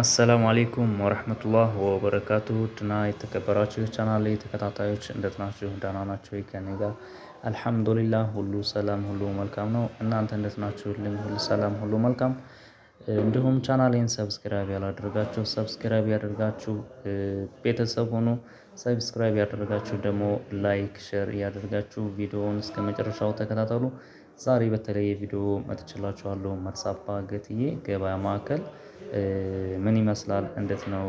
አሰላሙ አሌይኩም ወረህመቱላህ ወበረካቱሁ ድና የተከበራችሁ ቻናል ተከታታዮች እንደት ናችሁ? ደህና ናቸው ከኔ ጋር አልሐምዱሊላህ ሁሉ ሰላም ሁሉ መልካም ነው። እናንተ እንደት ናችሁልኝ? ሁሉ ሰላም ሁሉ መልካም። እንዲሁም ቻናሌን ሰብስክራይብ ያላደርጋችሁ ሰብስክራይብ ያደርጋችሁ ቤተሰብ ሆኑ። ሰብስክራይብ ያደርጋችሁ ደግሞ ላይክ ሼር ያደርጋችሁ ቪዲዮውን እስከ መጨረሻው ተከታተሉ። ዛሬ በተለየ ቪዲዮ መጥቼላችኋለሁ። መርሳ ገትዬ ገበያ ማዕከል ምን ይመስላል፣ እንዴት ነው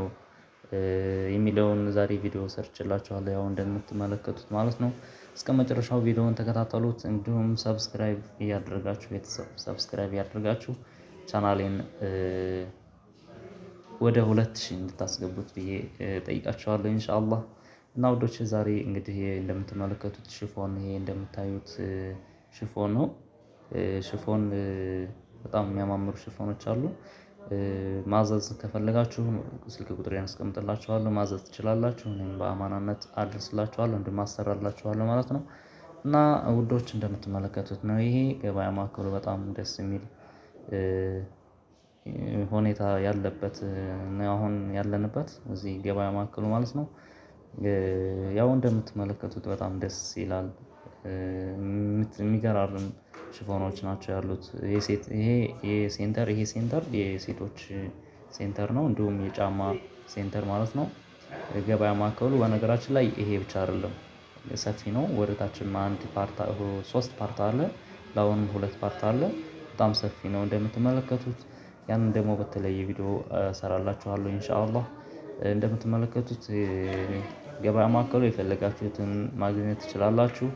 የሚለውን ዛሬ ቪዲዮ ሰርችላችኋለሁ። ያው እንደምትመለከቱት ማለት ነው። እስከ መጨረሻው ቪዲዮውን ተከታተሉት። እንዲሁም ሰብስክራይብ እያደረጋችሁ ቤተሰብ ሰብስክራይብ እያደረጋችሁ ቻናሌን ወደ ሁለት ሺህ እንድታስገቡት ብዬ ጠይቃችኋለሁ። ኢንሻአላህ እና ወዶች ዛሬ እንግዲህ እንደምትመለከቱት ሽፎን ይሄ እንደምታዩት ሽፎን ነው። ሽፎን በጣም የሚያማምሩ ሽፎኖች አሉ። ማዘዝ ከፈለጋችሁ ስልክ ቁጥር አስቀምጥላችኋለሁ ማዘዝ ትችላላችሁ እኔም በአማናነት አደርስላችኋለሁ እንዲሁም ማለት ነው። እና ውዶች እንደምትመለከቱት ነው ይሄ ገበያ ማዕከሉ በጣም ደስ የሚል ሁኔታ ያለበት ነው አሁን ያለንበት እዚህ ገበያ ማዕከሉ ማለት ነው። ያው እንደምትመለከቱት በጣም ደስ ይላል የሚገራርም ሽፎኖች ናቸው ያሉት። ሴንተር ይሄ ሴንተር የሴቶች ሴንተር ነው እንዲሁም የጫማ ሴንተር ማለት ነው። ገበያ ማዕከሉ በነገራችን ላይ ይሄ ብቻ አይደለም ሰፊ ነው። ወደታችን አንድ ሶስት ፓርት አለ ለአሁንም ሁለት ፓርት አለ በጣም ሰፊ ነው እንደምትመለከቱት። ያንን ደግሞ በተለየ ቪዲዮ ሰራላችኋለሁ ኢንሻአላህ። እንደምትመለከቱት ገበያ ማዕከሉ የፈለጋችሁትን ማግኘት ትችላላችሁ።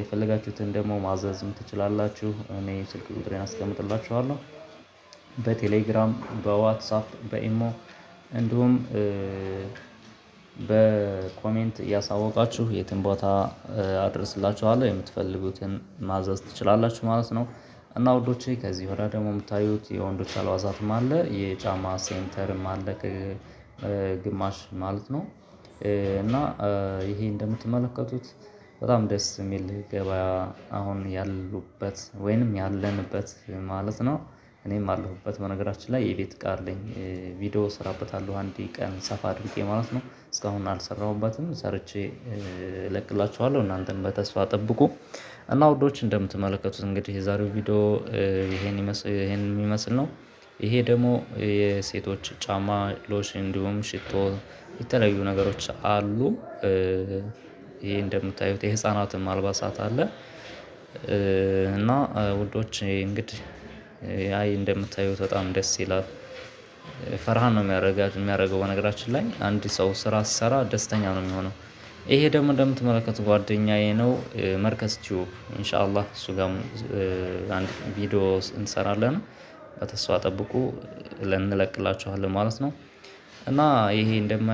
የፈለጋችሁትን ደግሞ ማዘዝም ትችላላችሁ። እኔ ስልክ ቁጥሬን አስቀምጥላችኋለሁ። በቴሌግራም፣ በዋትሳፕ፣ በኢሞ እንዲሁም በኮሜንት እያሳወቃችሁ የትን ቦታ አድርስላችኋለሁ የምትፈልጉትን ማዘዝ ትችላላችሁ ማለት ነው። እና ወንዶች ከዚህ ወዳ ደግሞ የምታዩት የወንዶች አልባሳትም አለ፣ የጫማ ሴንተርም አለ ግማሽ ማለት ነው። እና ይሄ እንደምትመለከቱት በጣም ደስ የሚል ገበያ አሁን ያሉበት ወይንም ያለንበት ማለት ነው። እኔም አለሁበት በነገራችን ላይ የቤት እቃ አለኝ ቪዲዮ ስራበታለሁ አንድ ቀን ሰፋ አድርጌ ማለት ነው። እስካሁን አልሰራሁበትም ሰርቼ እለቅላችኋለሁ እናንተን በተስፋ ጠብቁ። እና ውዶች እንደምትመለከቱት እንግዲህ የዛሬው ቪዲዮ ይሄን ይሄን የሚመስል ነው። ይሄ ደግሞ የሴቶች ጫማ ሎሽን እንዲሁም ሽቶ የተለያዩ ነገሮች አሉ። ይሄ እንደምታዩት የህፃናትም አልባሳት አለ እና ውዶች እንግዲህ አይ እንደምታዩት በጣም ደስ ይላል። ፈርሃን ነው የሚያደርገው። በነገራችን ላይ አንድ ሰው ስራ ሲሰራ ደስተኛ ነው የሚሆነው። ይሄ ደግሞ እንደምትመለከቱ ጓደኛዬ ነው መርከዝ ቲዩብ። ኢንሻአላህ እሱ ጋር አንድ ቪዲዮ እንሰራለን። በተስፋ ጠብቁ፣ እንለቅላችኋለን ማለት ነው። እና ይሄ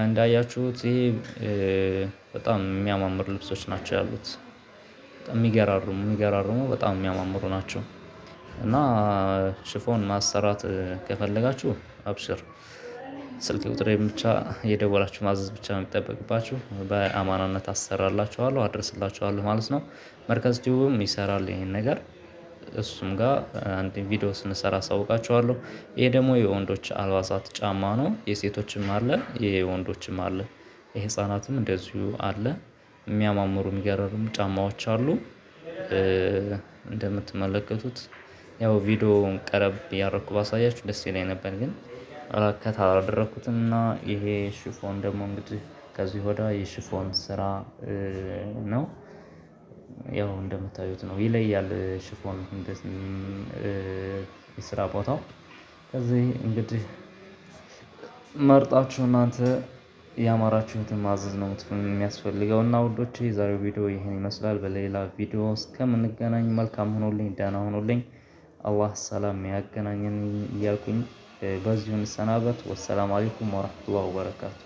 እንዳያችሁት ይሄ በጣም የሚያማምር ልብሶች ናቸው ያሉት። የሚገራርሙ የሚገራርሙ በጣም የሚያማምሩ ናቸው። እና ሽፎን ማሰራት ከፈለጋችሁ አብሽር፣ ስልክ ቁጥሬን ብቻ የደወላችሁ ማዘዝ ብቻ የሚጠበቅባችሁ። በአማናነት አሰራላችኋለሁ፣ አደርስላችኋለሁ ማለት ነው። መርከዝ ቲዩብም ይሰራል ይሄን ነገር እሱም ጋር አንድ ቪዲዮ ስንሰራ አሳውቃችኋለሁ። ይሄ ደግሞ የወንዶች አልባሳት ጫማ ነው። የሴቶችም አለ፣ የወንዶችም አለ፣ የህፃናትም እንደዚሁ አለ። የሚያማምሩ የሚገረሩም ጫማዎች አሉ። እንደምትመለከቱት ያው ቪዲዮውን ቀረብ ያረኩ ባሳያችሁ ደስ ይለኝ ነበር፣ ግን አላከት አላደረኩትም እና ይሄ ሽፎን ደግሞ እንግዲህ ከዚህ ወዳ የሽፎን ስራ ነው። ያው እንደምታዩት ነው ይለያል ሽፎን የስራ ቦታው። ከዚህ እንግዲህ መርጣችሁ እናንተ ያማራችሁትን ማዘዝ ነው የሚያስፈልገው። እና ውዶች የዛሬው ቪዲዮ ይህን ይመስላል። በሌላ ቪዲዮ እስከምንገናኝ መልካም ሆኖልኝ፣ ደህና ሆኖልኝ፣ አላህ ሰላም ያገናኘን እያልኩኝ በዚሁ እንሰናበት። ወሰላም አሌይኩም ወረሕመቱላህ ወበረካቱ